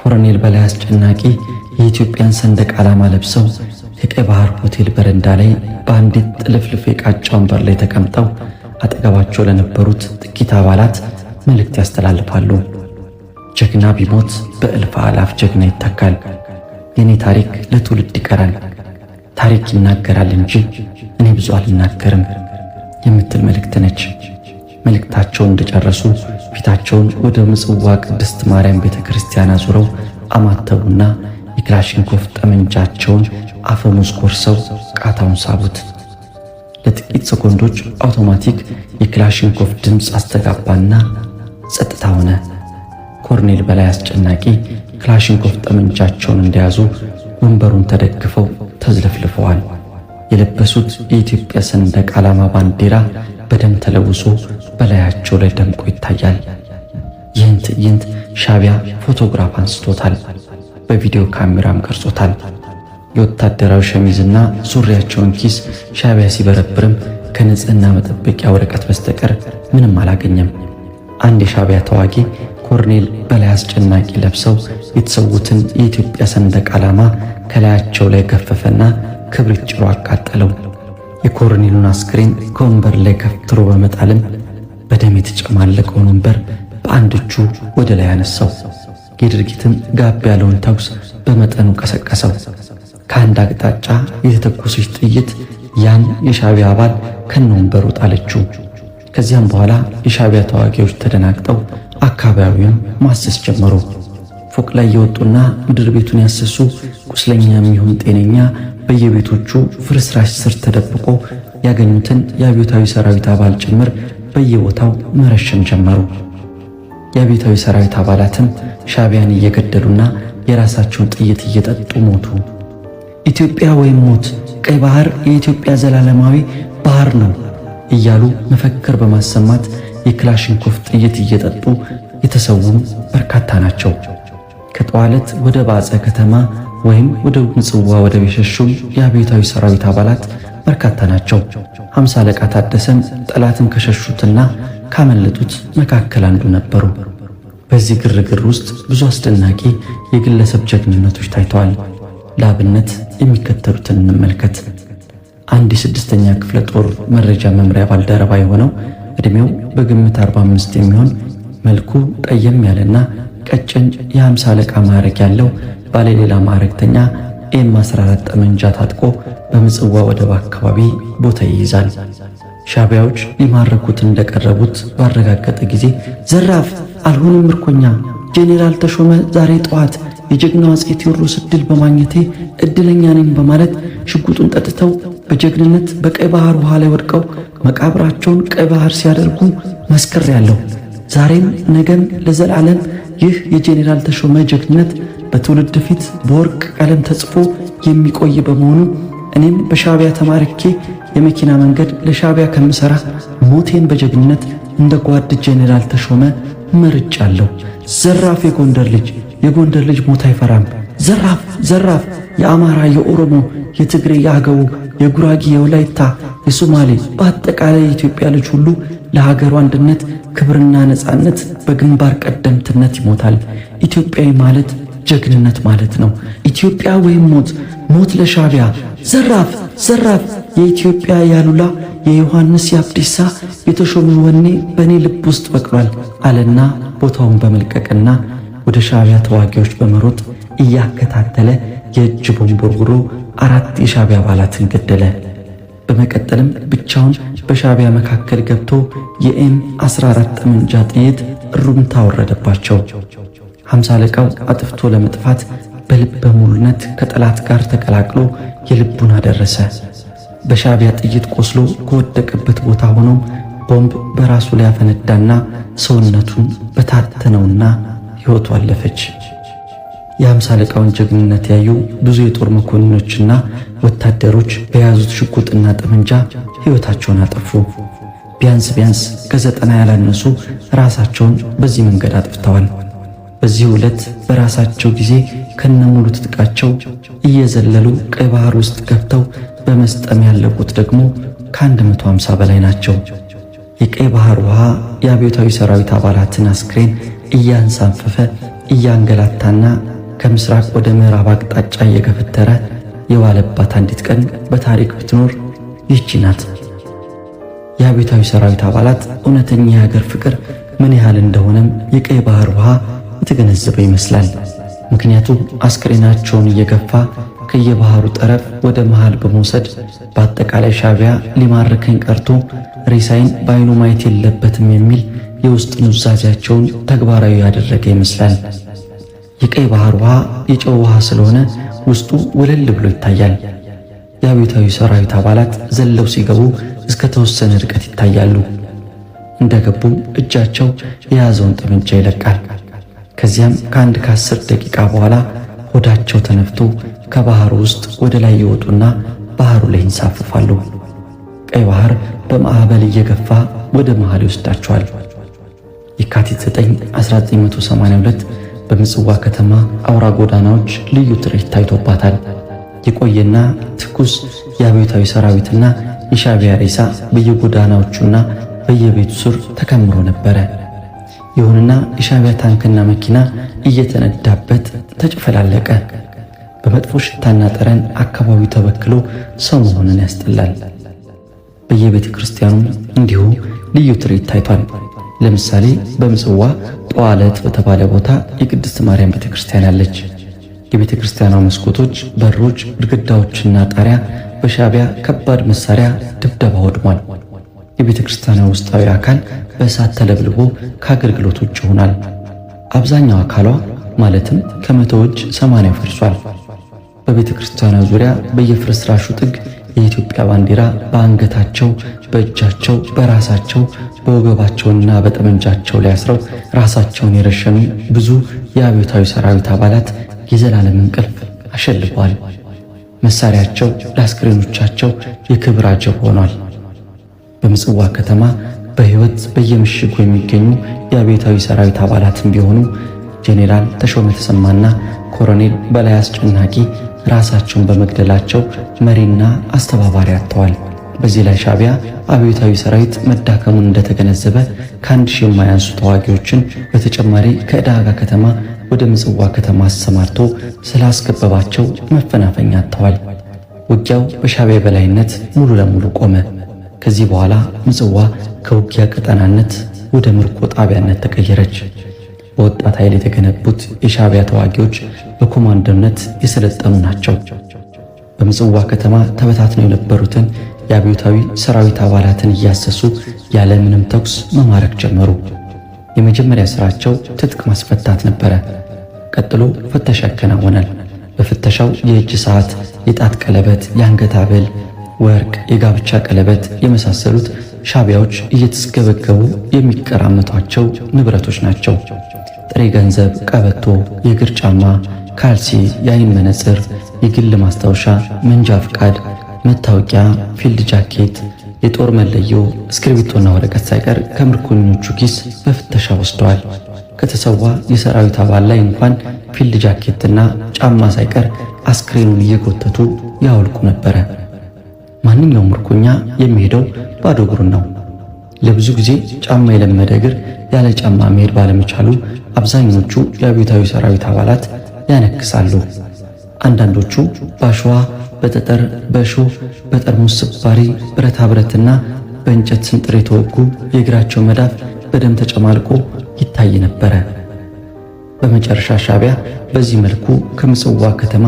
ኮሎኔል በላይ አስጨናቂ የኢትዮጵያን ሰንደቅ ዓላማ ለብሰው የቀይ ባህር ሆቴል በረንዳ ላይ በአንዲት ጥልፍልፍ የቃጫ ወንበር ላይ ተቀምጠው አጠገባቸው ለነበሩት ጥቂት አባላት መልእክት ያስተላልፋሉ። ጀግና ቢሞት በእልፍ አላፍ ጀግና ይተካል። የእኔ ታሪክ ለትውልድ ይቀራል። ታሪክ ይናገራል እንጂ እኔ ብዙ አልናገርም የምትል መልእክት ነች። መልእክታቸውን እንደጨረሱ ፊታቸውን ወደ ምጽዋ ቅድስት ማርያም ቤተ ክርስቲያን አዙረው አማተቡና የክላሽንኮፍ ጠመንጃቸውን አፈሙዝ ጎርሰው ቃታውን ሳቡት። ለጥቂት ሰኮንዶች አውቶማቲክ የክላሽንኮፍ ድምፅ አስተጋባና ጸጥታ ሆነ። ኮርኔል በላይ አስጨናቂ ክላሽንኮፍ ጠመንጃቸውን እንደያዙ ወንበሩን ተደግፈው ተዝለፍልፈዋል። የለበሱት የኢትዮጵያ ሰንደቅ ዓላማ ባንዲራ በደም ተለውሶ በላያቸው ላይ ደምቆ ይታያል። ይህን ትዕይንት ሻቢያ ፎቶግራፍ አንስቶታል፣ በቪዲዮ ካሜራም ቀርጾታል። የወታደራዊ ሸሚዝና ሱሪያቸውን ኪስ ሻቢያ ሲበረብርም ከንጽህና መጠበቂያ ወረቀት በስተቀር ምንም አላገኘም። አንድ የሻቢያ ተዋጊ ኮርኔል በላይ አስጨናቂ ለብሰው የተሰዉትን የኢትዮጵያ ሰንደቅ ዓላማ ከላያቸው ላይ ገፈፈና ክብሪት ጭሮ አቃጠለው። የኮርኔሉን አስክሬን ከወንበር ላይ ከፍትሮ በመጣልም በደም የተጨማለቀውን ወንበር በአንድ እጁ ወደ ላይ አነሳው። የድርጊትም ጋብ ያለውን ተኩስ በመጠኑ ቀሰቀሰው። ከአንድ አቅጣጫ የተተኮሰች ጥይት ያን የሻቢያ አባል ከነወንበሩ ጣለችው። ከዚያም በኋላ የሻቢያ ተዋጊዎች ተደናግጠው አካባቢውን ማሰስ ጀመሩ። ፎቅ ላይ የወጡና ምድር ቤቱን ያሰሱ፣ ቁስለኛ የሚሆን ጤነኛ በየቤቶቹ ፍርስራሽ ስር ተደብቆ ያገኙትን የአብዮታዊ ሰራዊት አባል ጭምር በየቦታው መረሸን ጀመሩ። የቤታዊ ሰራዊት አባላትም ሻቢያን እየገደሉና የራሳቸውን ጥይት እየጠጡ ሞቱ። ኢትዮጵያ ወይም ሞት፣ ቀይ ባህር የኢትዮጵያ ዘላለማዊ ባህር ነው እያሉ መፈክር በማሰማት የክላሽንኮፍ ጥይት እየጠጡ የተሰዉም በርካታ ናቸው። ከጠዋለት ወደ ባፀ ከተማ ወይም ወደ ምጽዋ ወደብ የሸሹም የአብዮታዊ ሰራዊት አባላት በርካታ ናቸው። ሀምሳ አለቃ ታደሰም ጠላትን ከሸሹትና ካመለጡት መካከል አንዱ ነበሩ። በዚህ ግርግር ውስጥ ብዙ አስደናቂ የግለሰብ ጀግንነቶች ታይተዋል። ለአብነት የሚከተሉትን እንመልከት። አንድ የስድስተኛ ክፍለ ጦር መረጃ መምሪያ ባልደረባ የሆነው ዕድሜው በግምት 45 የሚሆን መልኩ ጠየም ያለና ቀጭን የ50 አለቃ ማዕረግ ያለው ባለሌላ ማዕረግተኛ ኤም 14 ጠመንጃ ታጥቆ በምጽዋ ወደብ አካባቢ ቦታ ይይዛል። ሻቢያዎች ሊማረኩት እንደቀረቡት ባረጋገጠ ጊዜ ዘራፍ፣ አልሆንም ምርኮኛ፣ ጄኔራል ተሾመ ዛሬ ጠዋት የጀግናው አፄ ቴዎድሮስ እድል በማግኘቴ እድለኛ ነኝ በማለት ሽጉጡን ጠጥተው በጀግንነት በቀይ ባህር ውሃ ላይ ወድቀው መቃብራቸውን ቀይ ባህር ሲያደርጉ መስክር ያለው ዛሬም ነገም ለዘላለም ይህ የጄኔራል ተሾመ ጀግንነት በትውልድ ፊት በወርቅ ቀለም ተጽፎ የሚቆይ በመሆኑ እኔም በሻቢያ ተማርኬ የመኪና መንገድ ለሻቢያ ከምሰራ ሞቴን በጀግንነት እንደ ጓድ ጄኔራል ተሾመ መርጫለሁ። ዘራፍ የጎንደር ልጅ የጎንደር ልጅ ሞት አይፈራም። ዘራፍ ዘራፍ የአማራ፣ የኦሮሞ፣ የትግሬ፣ የአገው፣ የጉራጌ፣ የወላይታ፣ የሶማሌ በአጠቃላይ የኢትዮጵያ ልጅ ሁሉ ለሀገሩ አንድነት ክብርና ነፃነት በግንባር ቀደምትነት ይሞታል። ኢትዮጵያዊ ማለት ጀግንነት ማለት ነው። ኢትዮጵያ ወይም ሞት፣ ሞት ለሻቢያ ዘራፍ ዘራፍ! የኢትዮጵያ ያሉላ የዮሐንስ የአብዲሳ የተሾመ ወኔ በእኔ ልብ ውስጥ በቅሏል አለና ቦታውን በመልቀቅና ወደ ሻቢያ ተዋጊዎች በመሮጥ እያከታተለ የእጅ ቦንቦርጉሮ አራት የሻቢያ አባላትን ገደለ። በመቀጠልም ብቻውን በሻቢያ መካከል ገብቶ የኤም 14 ጠመንጃ ጥይት እሩምታ ወረደባቸው። ሐምሳ አለቃው አጥፍቶ ለመጥፋት በልበ ሙሉነት ከጠላት ጋር ተቀላቅሎ የልቡን አደረሰ። በሻቢያ ጥይት ቆስሎ ከወደቀበት ቦታ ሆኖ ቦምብ በራሱ ላይ አፈነዳና ሰውነቱን በታተነውና ሕይወቱ አለፈች። የሐምሳ አለቃውን ጀግንነት ያዩ ብዙ የጦር መኮንኖችና ወታደሮች በያዙት ሽጉጥና ጠመንጃ ሕይወታቸውን አጠፉ። ቢያንስ ቢያንስ ከዘጠና ያላነሱ ራሳቸውን በዚህ መንገድ አጥፍተዋል። በዚህ ዕለት በራሳቸው ጊዜ ከነሙሉ ትጥቃቸው እየዘለሉ ቀይ ባህር ውስጥ ገብተው በመስጠም ያለቁት ደግሞ ከ150 በላይ ናቸው። የቀይ ባህር ውሃ የአብዮታዊ ሰራዊት አባላትን አስክሬን እያንሳፈፈ እያንገላታና ከምስራቅ ወደ ምዕራብ አቅጣጫ እየገፈተረ የዋለባት አንዲት ቀን በታሪክ ብትኖር ይቺ ናት። የአብዮታዊ ሰራዊት አባላት እውነተኛ የሀገር ፍቅር ምን ያህል እንደሆነም የቀይ ባህር ውሃ የተገነዘበ ይመስላል። ምክንያቱም አስክሬናቸውን እየገፋ ከየባህሩ ጠረፍ ወደ መሃል በመውሰድ በአጠቃላይ ሻቢያ ሊማርከኝ ቀርቶ ሬሳይን በአይኑ ማየት የለበትም የሚል የውስጥ ኑዛዜያቸውን ተግባራዊ ያደረገ ይመስላል። የቀይ ባህር ውሃ የጨው ውሃ ስለሆነ ውስጡ ወለል ብሎ ይታያል። የአብዮታዊ ሰራዊት አባላት ዘለው ሲገቡ እስከ ተወሰነ ርቀት ይታያሉ። እንደገቡም እጃቸው የያዘውን ጠመንጃ ይለቃል። ከዚያም ከአንድ ከአስር ደቂቃ በኋላ ሆዳቸው ተነፍቶ ከባህሩ ውስጥ ወደ ላይ ይወጡና ባህሩ ላይ ይንሳፈፋሉ። ቀይ ባህር በማዕበል እየገፋ ወደ መሃል ይወስዳቸዋል። የካቲት 9 1982 በምጽዋ ከተማ አውራ ጎዳናዎች ልዩ ትርኢት ታይቶባታል። የቆየና ትኩስ የአብዮታዊ ሰራዊትና የሻቢያ ሬሳ በየጎዳናዎቹና በየቤቱ ስር ተከምሮ ነበረ። ይሁንና የሻቢያ ታንክና መኪና እየተነዳበት ተጨፈላለቀ። በመጥፎ ሽታና ጠረን አካባቢው ተበክሎ ሰው መሆንን ያስጠላል። በየቤተ ክርስቲያኑም እንዲሁ ልዩ ትርኢት ታይቷል። ለምሳሌ በምጽዋ ጠዋለት በተባለ ቦታ የቅድስት ማርያም ቤተ ክርስቲያን አለች። የቤተ ክርስቲያኗ መስኮቶች፣ በሮች፣ ግድግዳዎችና ጣሪያ በሻቢያ ከባድ መሳሪያ ድብደባ ወድሟል። የቤተ ክርስቲያን ውስጣዊ አካል በእሳት ተለብልቦ ከአገልግሎት ውጭ ይሆናል። አብዛኛው አካሏ ማለትም ከመቶ እጅ ሰማንያ ፈርሷል። በቤተ ክርስቲያኗ ዙሪያ በየፍርስራሹ ጥግ የኢትዮጵያ ባንዲራ በአንገታቸው፣ በእጃቸው፣ በራሳቸው፣ በወገባቸውና በጠመንጃቸው ላይ አስረው ራሳቸውን የረሸኑ ብዙ የአብዮታዊ ሰራዊት አባላት የዘላለም እንቅልፍ አሸልበዋል። መሳሪያቸው ለአስክሬኖቻቸው የክብር አጀብ ሆኗል። በምጽዋ ከተማ በህይወት በየምሽጉ የሚገኙ የአብዮታዊ ሰራዊት አባላትም ቢሆኑ ጄኔራል ተሾመ ተሰማና ኮሎኔል በላይ አስጨናቂ ራሳቸውን በመግደላቸው መሪና አስተባባሪ አጥተዋል። በዚህ ላይ ሻቢያ አብዮታዊ ሰራዊት መዳከሙን እንደተገነዘበ ከአንድ ሺህ የማያንሱ ተዋጊዎችን በተጨማሪ ከዳጋ ከተማ ወደ ምጽዋ ከተማ አሰማርቶ ስላስገበባቸው መፈናፈኛ አጥተዋል። ውጊያው በሻቢያ በላይነት ሙሉ ለሙሉ ቆመ። ከዚህ በኋላ ምጽዋ ከውጊያ ቀጠናነት ወደ ምርኮ ጣቢያነት ተቀየረች። በወጣት ኃይል የተገነቡት የሻቢያ ተዋጊዎች በኮማንዶነት የሰለጠኑ ናቸው። በምጽዋ ከተማ ተበታትነው የነበሩትን የአብዮታዊ ሰራዊት አባላትን እያሰሱ ያለምንም ተኩስ መማረክ ጀመሩ። የመጀመሪያ ስራቸው ትጥቅ ማስፈታት ነበረ። ቀጥሎ ፍተሻ ይከናወናል። በፍተሻው የእጅ ሰዓት፣ የጣት ቀለበት፣ የአንገት ሐብል ወርቅ፣ የጋብቻ ቀለበት የመሳሰሉት ሻቢያዎች እየተስገበገቡ የሚቀራመቷቸው ንብረቶች ናቸው። ጥሬ ገንዘብ፣ ቀበቶ፣ የእግር ጫማ፣ ካልሲ፣ የአይን መነጽር፣ የግል ማስታወሻ፣ መንጃ ፍቃድ፣ መታወቂያ፣ ፊልድ ጃኬት፣ የጦር መለዮ፣ እስክሪብቶና ወረቀት ሳይቀር ከምርኮኞቹ ኪስ በፍተሻ ወስደዋል። ከተሰዋ የሰራዊት አባል ላይ እንኳን ፊልድ ጃኬትና ጫማ ሳይቀር አስክሬኑን እየጎተቱ ያወልቁ ነበረ። ማንኛውም ምርኮኛ የሚሄደው ባዶ እግሩን ነው። ለብዙ ጊዜ ጫማ የለመደ እግር ያለ ጫማ መሄድ ባለመቻሉ አብዛኞቹ የአብዮታዊ ሰራዊት አባላት ያነክሳሉ። አንዳንዶቹ በአሸዋ፣ በጠጠር፣ በእሾህ፣ በጠርሙስ ስባሪ፣ ብረታ ብረትና በእንጨት ስንጥር የተወጉ የእግራቸው መዳፍ በደም ተጨማልቆ ይታይ ነበረ። በመጨረሻ ሻቢያ በዚህ መልኩ ከምጽዋ ከተማ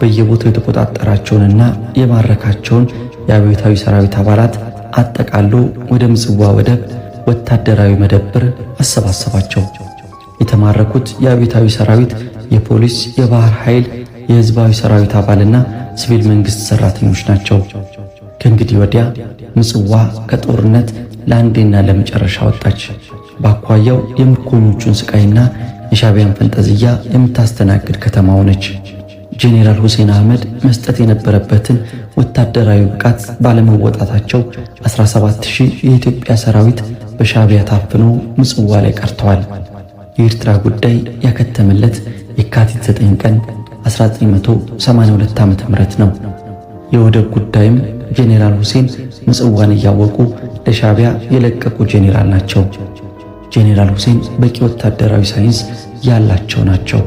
በየቦታው የተቆጣጠራቸውንና የማረካቸውን የአብዮታዊ ሰራዊት አባላት አጠቃሎ ወደ ምጽዋ ወደብ ወታደራዊ መደብር አሰባሰባቸው። የተማረኩት የአብዮታዊ ሰራዊት የፖሊስ፣ የባህር ኃይል፣ የህዝባዊ ሰራዊት አባልና ሲቪል መንግስት ሰራተኞች ናቸው። ከእንግዲህ ወዲያ ምጽዋ ከጦርነት ለአንዴና ለመጨረሻ ወጣች። በአኳያው የምርኮኞቹን ሥቃይና የሻቢያን ፈንጠዝያ የምታስተናግድ ከተማ ሆነች። ጄኔራል ሁሴን አህመድ መስጠት የነበረበትን ወታደራዊ ብቃት ባለመወጣታቸው 17 ሺህ የኢትዮጵያ ሰራዊት በሻቢያ ታፍኖ ምጽዋ ላይ ቀርተዋል። የኤርትራ ጉዳይ ያከተመለት የካቲት 9 ቀን 1982 ዓ.ም ነው። የወደብ ጉዳይም ጄኔራል ሁሴን ምጽዋን እያወቁ ለሻቢያ የለቀቁ ጄኔራል ናቸው። ጄኔራል ሁሴን በቂ ወታደራዊ ሳይንስ ያላቸው ናቸው።